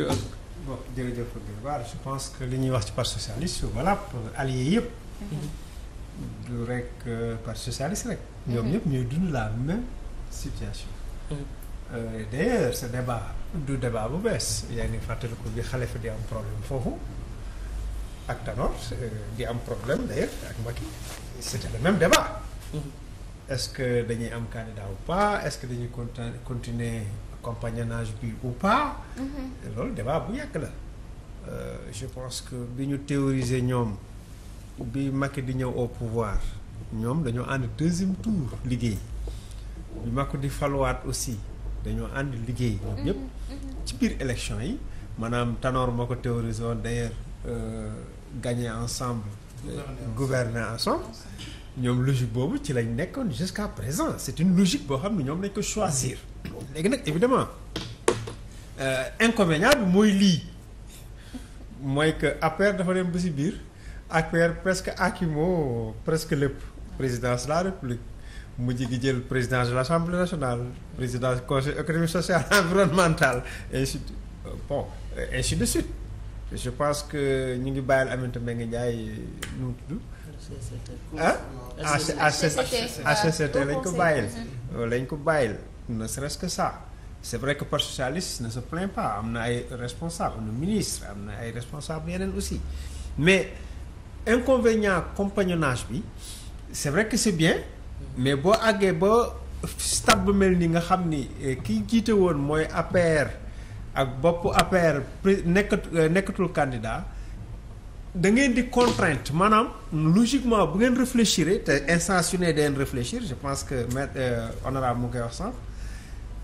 bon jërëjëf Dóor waar je pense que li ñuy wax ci parti socialiste voilà allié yëpp. du rek parti socialiste rek. ñoom ñëpp ñuy dund la même situation. Euh, d'ailleurs ce débat du débat bu bees yaa ngi fàttaliku bi Khalifa di am problème foofu ak Tanor di am problème d'ailleurs ak Macky c'était le même débat. mm est-ce que dañuy am candidat ou pas est-ce que dañuy continuer compagnonnage bi ou pas mm-hmm. loolu débat bu yàgg la euh, je pense que bi ñu théoriser ñoom bi Macky di ñëw au pouvoir ñoom dañoo ànd deuxième tour liggéey bi Macky di faluwaat aussi dañoo ànd liggéey ñoom mm-hmm. ci biir élection yi maanaam Tanor moo ko théorisé woon d'ailleurs euh, gagner ensemble gouverner ensemble ñoom logique boobu ci lañ nekkoon jusqu'à présent c'est une logique boo xam ne ñoom lañ ko choisir léegi nag évidemment euh, inconvénient bi mooy lii mooy que APR dafa dem ba si biir APR presque akimo presque lépp présidence la république mu gi jël présidence de l'assemblée nationale présidence conseil économique social environnemental ainsi euh, bon euh, ainsi de suite je pense que ñu ngi bàyyil Aminata Mbengue Ndiaye nu mu tudd ah HCCT lañ ko bàyyil lañ ko bàyyil ne serait-ce que ça c'est vrai que par socialiste ne sa plaint pas am na ay responsable am ministre am na ay responsable yeneen aussi mais inconvénient compagnonnage bi c'est vrai que c'est bien mais boo àggee ba stade bu mel ni nga xam ni eh, kiy jiite woon mooy APR ak bopp APR nekkatul eh, nekkatul candidat da ngeen di contrainte maanaam logiquement bu ngeen réfléchir te instance yu ne deen réfléchir je pense que maître euh, honorable mu koy wax sànq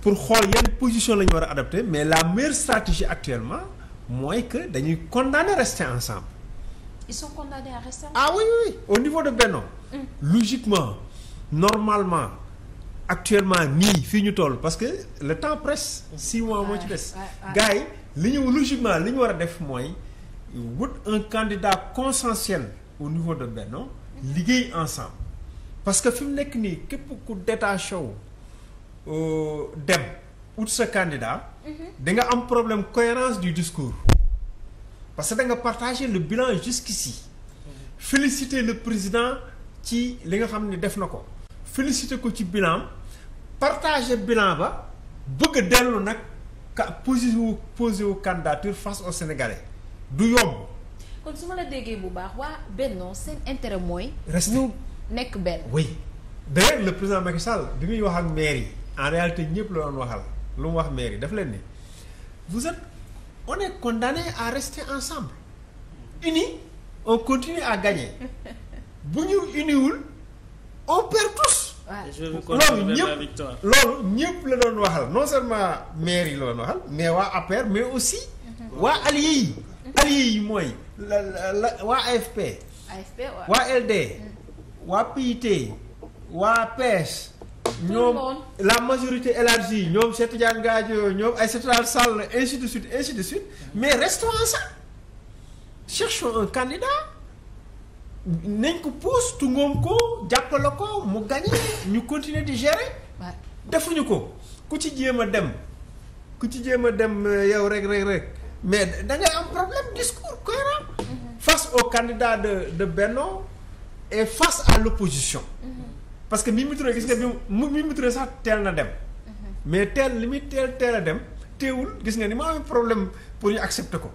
pour xool yan position la ñu war a adopté mais la meilleure stratégie actuellement mooy que dañuy condamner rester ensemble. ils sont ah oui oui au niveau de Benno. Mm. logiquement normalement actuellement nii fii ñu tool parce que le temps presse. six moo ci des. gars yi li ñu logiquement li ñu war a def mooy. wut un candidat consensuel au niveau de Benno liggéey ensemble parce que fi mu nekk nii képp ku détaché wu euh, dem ut sa candidat mhm. da nga am problème cohérence du discours parce que da nga partager le bilan jusqu'ici féliciter le président ci li nga xam ni def na ko féliciter ko ci bilan partager bilan ba bëgg a dellu nag ka posé wu posé wu candidature face aux Sénégalais du yomb. kon su ma la déggee bu baax waa Benno seen intérêt mooy. ñu nekk benn. oui d'ailleurs le président Macky Sall bi muy wax ak maire yi en réalité ñëpp la doon waxal lu mu wax maire yi daf leen ni vous êtes on est condamné à rester ensemble unis on continue à gagner bu ñu uniwul on perd tous. loolu ñëpp loolu ñëpp la doon waxal non seulement maire yi la doon waxal mais waa APR mais aussi mhm. waa alliés yi. alliés yi mooy la la waa AFP. AFP waa LD. waa PIT hmm. waa PS. E ñoom la majorité élargie ñoom Cheikh Tidiane Gadio ñoom Aïssata Tall Sall ainsi de suite ainsi suite mais restons ensemble cherchons un candidat nañ ko pousse tungoom ko jàppale ko mu gagné ñu continuer di gérer. defuñu ko ku ci jéem a dem ku ci jéem a dem euh, yow rek rek rek. mais da ngay am problème discours cohérent mm-hmm. face au candidat de de Benno et face à l'opposition mm-hmm. parce que Mimi Touré gis nga bi mu Mimi Touré sax teel na dem mm-hmm. mais teel li muy teel teel a dem teewul gis nga ni mu amee problème pour ñu accepter ko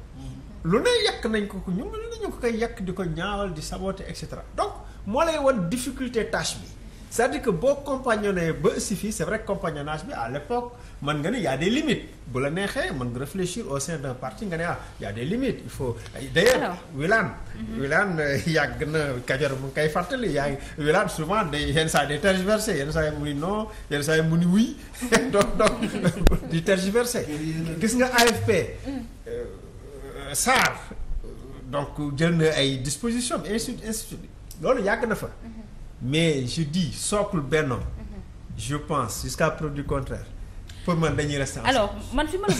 lu ne yàq nañ ko ñu ñu ko koy yàkk di ko ñaawal di saboter et cetera donc moo lay wan difficulté tâche bi c'est-à-dire que boo compagnonné ba si fii c'est vrai que bi à l'époque mën nga ne y a des bu la neexee mën nga réfléchir au sein d'un parti nga ne ah y a des limites il faut d'ailleurs Wilane mhm. Wilane euh, yàgg na Kajoor mu ngi koy fàttali yaa ngi Wilane souvent day yenn saa day tergiversé yenn saa yi mu ni non yenn saa yi mu ni oui donc donc di tergiversé gis nga AFP mm. euh, Sarr donc jël na ay disposition ainsi de suite loolu yàgg na fa mhm. mais je dis socle Benno je pense jusqu'à preuve du contraire pour man dañuy rester ensemble man fi ma